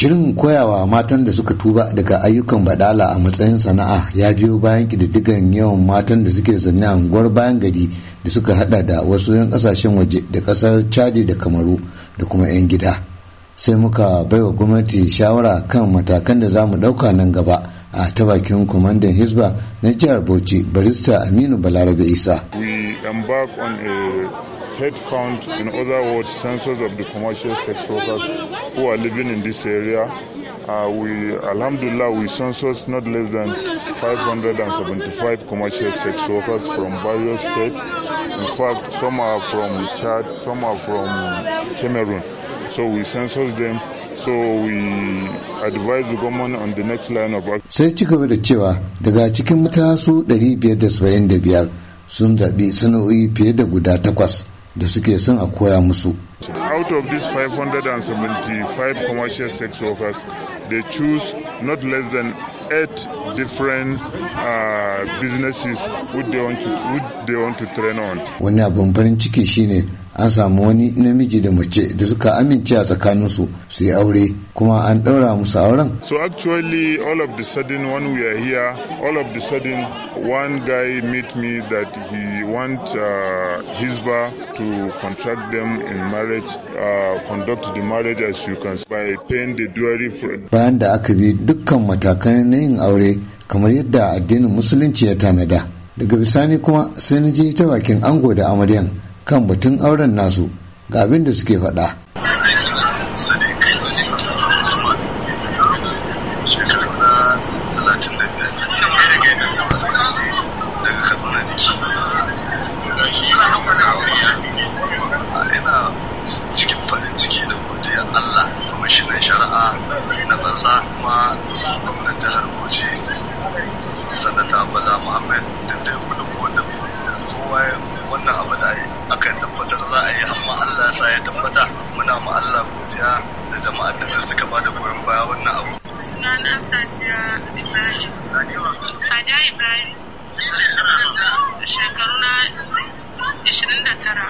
Shirin koyawa matan da suka tuba daga ayyukan badala a matsayin sana'a ya biyo bayan ƙididdigan yawan matan da suke zanne a unguwar bayan gari da suka hada da wasu 'yan kasashen waje da kasar chadi da kamaru da kuma 'yan gida sai muka baiwa gwamnati shawara kan matakan da za mu ɗauka nan gaba a ta bakin kwamandan hisba na jihar bauchi barista aminu balarabe isa we embark on a head count, in other words, census of the commercial sex workers who are living in this area. Uh, we, alhamdulillah, we census not less than 575 commercial sex workers from various states. In fact, some are from Chad, some are from Cameroon. So we census them So we advise the government on the next line of action. Sai ci gaba da cewa daga cikin matasu 575 sun zaɓi sana'o'i fiye da guda takwas da suke son a koya musu. Out of these 575 commercial sex workers, they choose not less than eight different uh, businesses which they, want to, which they want to train on. Wani abin farin ciki shine an samu wani namiji da mace da suka amince a tsakaninsu su yi aure kuma an ɗaura musu auren. So actually all of the sudden when we are here all of the sudden one guy meet me that he want uh, bar to contract them in marriage uh, conduct the marriage as you can see by paying the dowry for. Bayan da aka bi dukkan matakan na yin aure kamar yadda addinin musulunci ya tanada daga bisani kuma sai na je ta bakin ango da amaryan. kan batun auren nasu ga abin da suke faɗa. sa ya tabbata muna ma Allah godiya da jama'ar da suka ba da goyon baya wannan abu. Sunana Sadiya Ibrahim. Sadiya Ibrahim. Shekaru na 29.